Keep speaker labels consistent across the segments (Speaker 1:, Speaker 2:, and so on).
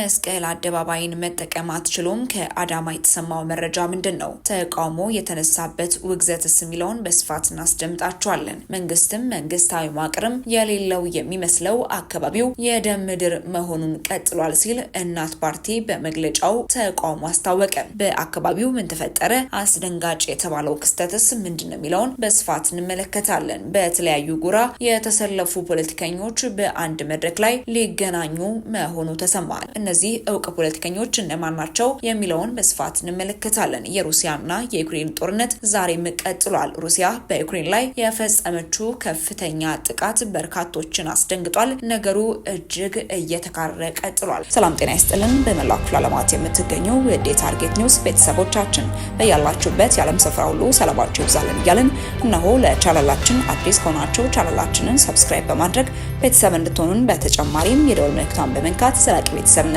Speaker 1: መስቀል አደባባይን መጠቀም አትችሉም። ከአዳማ የተሰማው መረጃ ምንድን ነው? ተቃውሞ የተነሳበት ውግዘትስ የሚለውን በስፋት እናስደምጣችኋለን። መንግስትም መንግስታዊ መዋቅርም የሌለው የሚመስለው አካባቢው የደም ምድር መሆኑን ቀጥሏል ሲል እናት ፓርቲ በመግለጫው ተቃውሞ አስታወቀ። በአካባቢው ምን ተፈጠረ? አስደንጋጭ የተባለው ክስተትስ ምንድን ነው የሚለውን በስፋት እንመለከታለን። በተለያዩ ጎራ የተሰለፉ ፖለቲከኞች በአንድ መድረክ ላይ ሊገናኙ መሆኑ ተሰማል። እነዚህ እውቅ ፖለቲከኞች እነማን ናቸው የሚለውን በስፋት እንመለከታለን። የሩሲያና የዩክሬን ጦርነት ዛሬም ቀጥሏል። ሩሲያ በዩክሬን ላይ የፈጸመችው ከፍተኛ ጥቃት በርካቶችን አስደንግጧል። ነገሩ እጅግ እየተካረረ ቀጥሏል።
Speaker 2: ሰላም ጤና ይስጥልን። በመላው ክፍለ ዓለማት የምትገኙ የዴ ታርጌት ኒውስ ቤተሰቦቻችን በያላችሁበት የዓለም ስፍራ ሁሉ ሰላማችሁ ይብዛልን እያልን እነሆ ለቻናላችን አዲስ ከሆናችሁ ቻናላችንን ሰብስክራይብ በማድረግ ቤተሰብ እንድትሆኑን በተጨማሪም የደወል ምልክቷን በመንካት ዘላቂ ቤተሰብነት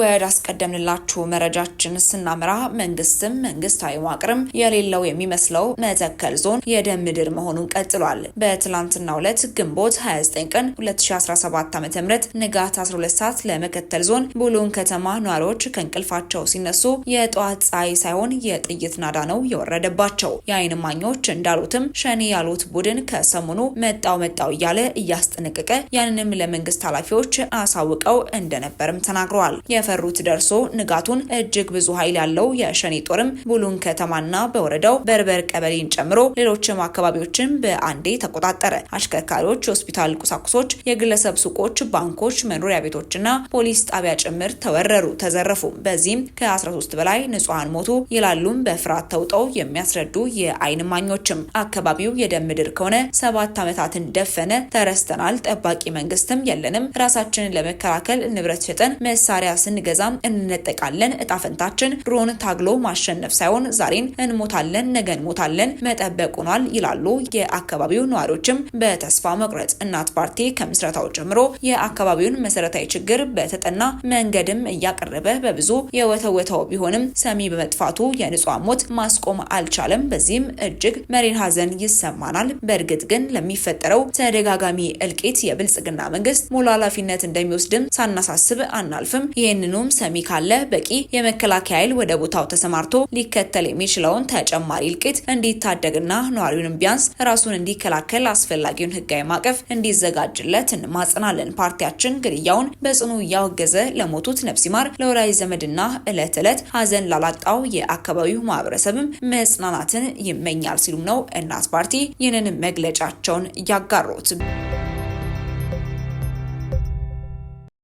Speaker 1: ወደ አስቀደምንላችሁ መረጃችን ስናምራ መንግስትም መንግስታዊ መዋቅርም የሌለው የሚመስለው መተከል ዞን የደም ምድር መሆኑን ቀጥሏል። በትላንትና ዕለት ግንቦት 29 ቀን 2017 ዓ.ም ንጋት 12 ሰዓት ለመከተል ዞን ቡሉን ከተማ ነዋሪዎች ከእንቅልፋቸው ሲነሱ የጠዋት ፀሐይ ሳይሆን የጥይት ናዳ ነው የወረደባቸው። የዓይን ማኞች እንዳሉትም ሸኔ ያሉት ቡድን ከሰሞኑ መጣው መጣው እያለ እያስጠነቀቀ ያንንም ለመንግስት ኃላፊዎች አሳውቀው እንደነበርም ተናግረዋል። የፈሩት ደርሶ ንጋቱን እጅግ ብዙ ኃይል ያለው የሸኔ ጦርም ቡሉን ከተማና በወረዳው በርበር ቀበሌን ጨምሮ ሌሎችም አካባቢዎችን በአንዴ ተቆጣጠረ። አሽከርካሪዎች፣ የሆስፒታል ቁሳቁሶች፣ የግለሰብ ሱቆች፣ ባንኮች፣ መኖሪያ ቤቶችና ፖሊስ ጣቢያ ጭምር ተወረሩ፣ ተዘረፉ። በዚህም ከ13 በላይ ንጹሐን ሞቱ ይላሉም በፍርሃት ተውጠው የሚያስረዱ የአይን ማኞችም። አካባቢው የደም ምድር ከሆነ ሰባት ዓመታትን ደፈነ፣ ተረስተናል፣ ጠባቂ መንግስትም የለንም፣ ራሳችንን ለመከላከል ንብረት ሸጠን መሳሪያ ስንገዛም እንነጠቃለን። እጣፈንታችን ድሮን ታግሎ ማሸነፍ ሳይሆን ዛሬን እንሞታለን፣ ነገ እንሞታለን መጠበቅ ሆኗል ይላሉ የአካባቢው ነዋሪዎችም። በተስፋ መቁረጥ እናት ፓርቲ ከምስረታው ጀምሮ የአካባቢውን መሰረታዊ ችግር በተጠና መንገድም እያቀረበ በብዙ የወተወተው ቢሆንም ሰሚ በመጥፋቱ የንጹሃን ሞት ማስቆም አልቻለም። በዚህም እጅግ መሪር ሀዘን ይሰማናል። በእርግጥ ግን ለሚፈጠረው ተደጋጋሚ እልቂት የብልጽግና መንግስት ሙሉ ኃላፊነት እንደሚወስድም ሳናሳስብ አናልፍም። ይህን ይህንኑም ሰሚ ካለ በቂ የመከላከያ ኃይል ወደ ቦታው ተሰማርቶ ሊከተል የሚችለውን ተጨማሪ እልቂት እንዲታደግና ነዋሪውንም ቢያንስ ራሱን እንዲከላከል አስፈላጊውን ህጋዊ ማዕቀፍ እንዲዘጋጅለት እንማጽናለን። ፓርቲያችን ግድያውን በጽኑ እያወገዘ ለሞቱት ነፍስ ይማር፣ ለወላጅ ዘመድና ዕለት ዕለት ሀዘን ላላጣው የአካባቢው ማህበረሰብም መጽናናትን ይመኛል ሲሉም ነው እናት ፓርቲ ይህንን መግለጫቸውን ያጋሩት።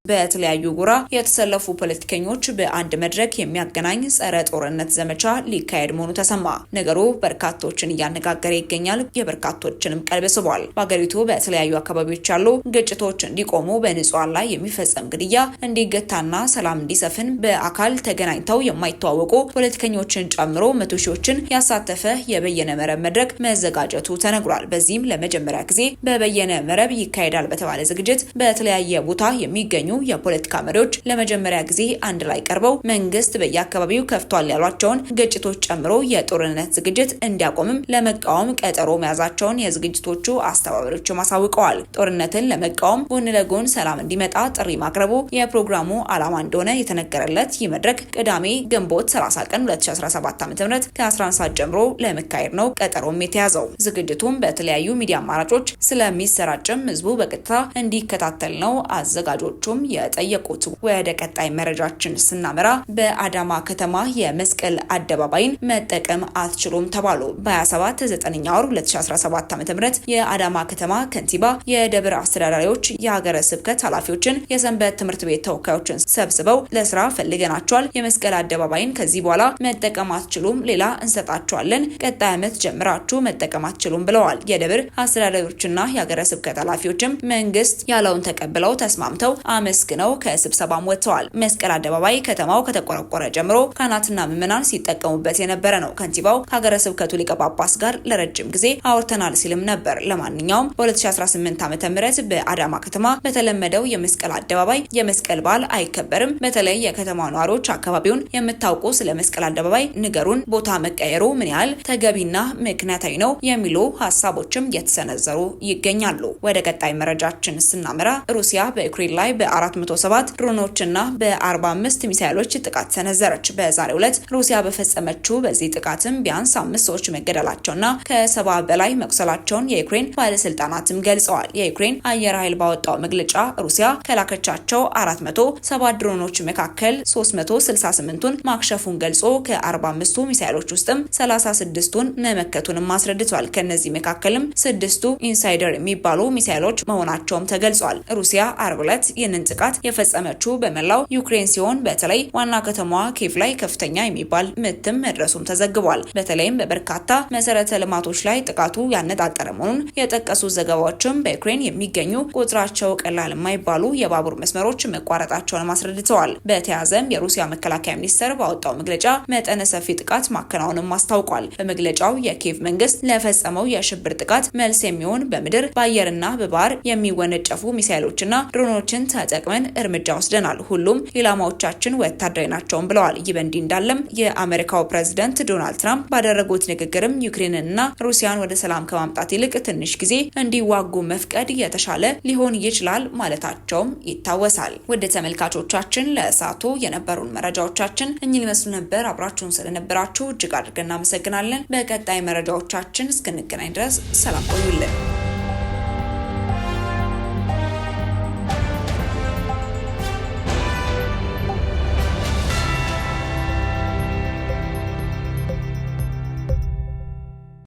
Speaker 1: በተለያዩ ጎራ የተሰለፉ ፖለቲከኞች በአንድ መድረክ የሚያገናኝ ጸረ ጦርነት ዘመቻ ሊካሄድ መሆኑ ተሰማ። ነገሩ በርካቶችን እያነጋገረ ይገኛል። የበርካቶችንም ቀልብ ስቧል። በሀገሪቱ በተለያዩ አካባቢዎች ያሉ ግጭቶች እንዲቆሙ፣ በንጹሃን ላይ የሚፈጸም ግድያ እንዲገታና ሰላም እንዲሰፍን በአካል ተገናኝተው የማይተዋወቁ ፖለቲከኞችን ጨምሮ መቶ ሺዎችን ያሳተፈ የበየነ መረብ መድረክ መዘጋጀቱ ተነግሯል። በዚህም ለመጀመሪያ ጊዜ በበየነ መረብ ይካሄዳል በተባለ ዝግጅት በተለያየ ቦታ የሚገኙ የፖለቲካ መሪዎች ለመጀመሪያ ጊዜ አንድ ላይ ቀርበው መንግስት በየአካባቢው ከፍቷል ያሏቸውን ግጭቶች ጨምሮ የጦርነት ዝግጅት እንዲያቆምም ለመቃወም ቀጠሮ መያዛቸውን የዝግጅቶቹ አስተባባሪዎች አሳውቀዋል። ጦርነትን ለመቃወም ጎን ለጎን ሰላም እንዲመጣ ጥሪ ማቅረቡ የፕሮግራሙ ዓላማ እንደሆነ የተነገረለት ይህ መድረክ ቅዳሜ ግንቦት 30 ቀን 2017 ዓ.ም ከ11 ሰዓት ጀምሮ ለመካሄድ ነው ቀጠሮም የተያዘው። ዝግጅቱም በተለያዩ ሚዲያ አማራጮች ስለሚሰራጭም ህዝቡ በቀጥታ እንዲከታተል ነው አዘጋጆቹም የጠየቁት። ወደ ቀጣይ መረጃችን ስናመራ በአዳማ ከተማ የመስቀል አደባባይን መጠቀም አትችሉም ተባሉ። በ27 9ኛ ወር 2017 ዓ.ም የአዳማ ከተማ ከንቲባ የደብር አስተዳዳሪዎች፣ የሀገረ ስብከት ኃላፊዎችን፣ የሰንበት ትምህርት ቤት ተወካዮችን ሰብስበው ለስራ ፈልገናቸዋል፣ የመስቀል አደባባይን ከዚህ በኋላ መጠቀም አትችሉም፣ ሌላ እንሰጣቸዋለን፣ ቀጣይ ዓመት ጀምራችሁ መጠቀም አትችሉም ብለዋል። የደብር አስተዳዳሪዎችና የሀገረ ስብከት ኃላፊዎችም መንግስት ያለውን ተቀብለው ተስማምተው አመ አመስግነው ከስብሰባም ወጥተዋል። መስቀል አደባባይ ከተማው ከተቆረቆረ ጀምሮ ካህናትና ምዕመናን ሲጠቀሙበት የነበረ ነው። ከንቲባው ከሀገረ ስብከቱ ሊቀ ጳጳስ ጋር ለረጅም ጊዜ አውርተናል ሲልም ነበር። ለማንኛውም በ2018 ዓ ም በአዳማ ከተማ በተለመደው የመስቀል አደባባይ የመስቀል በዓል አይከበርም። በተለይ የከተማ ነዋሪዎች አካባቢውን የምታውቁ ስለ መስቀል አደባባይ ንገሩን፣ ቦታ መቀየሩ ምን ያህል ተገቢና ምክንያታዊ ነው የሚሉ ሀሳቦችም የተሰነዘሩ ይገኛሉ። ወደ ቀጣይ መረጃችን ስናመራ ሩሲያ በዩክሬን ላይ በአ በ407 ድሮኖችና በ45 ሚሳይሎች ጥቃት ሰነዘረች። በዛሬው ዕለት ሩሲያ በፈጸመችው በዚህ ጥቃትም ቢያንስ አምስት ሰዎች መገደላቸውና ከሰባ በላይ መቁሰላቸውን የዩክሬን ባለስልጣናትም ገልጸዋል። የዩክሬን አየር ኃይል ባወጣው መግለጫ ሩሲያ ከላከቻቸው 407 ድሮኖች መካከል 368ቱን ማክሸፉን ገልጾ ከ45ቱ ሚሳይሎች ውስጥም 36ቱን መመከቱንም አስረድቷል። ከነዚህ መካከልም ስድስቱ ኢንሳይደር የሚባሉ ሚሳይሎች መሆናቸውም ተገልጿል። ሩሲያ አርብ ዕለት ይህንን ጥቃት የፈጸመችው በመላው ዩክሬን ሲሆን በተለይ ዋና ከተማዋ ኬቭ ላይ ከፍተኛ የሚባል ምትም መድረሱም ተዘግቧል። በተለይም በበርካታ መሰረተ ልማቶች ላይ ጥቃቱ ያነጣጠረ መሆኑን የጠቀሱ ዘገባዎችም በዩክሬን የሚገኙ ቁጥራቸው ቀላል የማይባሉ የባቡር መስመሮች መቋረጣቸውን አስረድተዋል። በተያያዘም የሩሲያ መከላከያ ሚኒስቴር ባወጣው መግለጫ መጠነ ሰፊ ጥቃት ማከናወንም አስታውቋል። በመግለጫው የኬቭ መንግስት ለፈጸመው የሽብር ጥቃት መልስ የሚሆን በምድር በአየርና በባህር የሚወነጨፉ ሚሳይሎችና ድሮኖችን ተጠ ተጠቅመን እርምጃ ወስደናል። ሁሉም ኢላማዎቻችን ወታደራዊ ናቸውም ብለዋል። ይህ በእንዲህ እንዳለም የአሜሪካው ፕሬዝደንት ዶናልድ ትራምፕ ባደረጉት ንግግርም ዩክሬንንና ሩሲያን ወደ ሰላም ከማምጣት ይልቅ ትንሽ ጊዜ እንዲዋጉ መፍቀድ የተሻለ ሊሆን ይችላል ማለታቸውም ይታወሳል። ወደ ተመልካቾቻችን ለእሳቱ የነበሩን መረጃዎቻችን እኚህ ሊመስሉ ነበር። አብራችሁን ስለነበራችሁ እጅግ አድርገን እናመሰግናለን። በቀጣይ መረጃዎቻችን እስክንገናኝ ድረስ ሰላም ቆዩልን።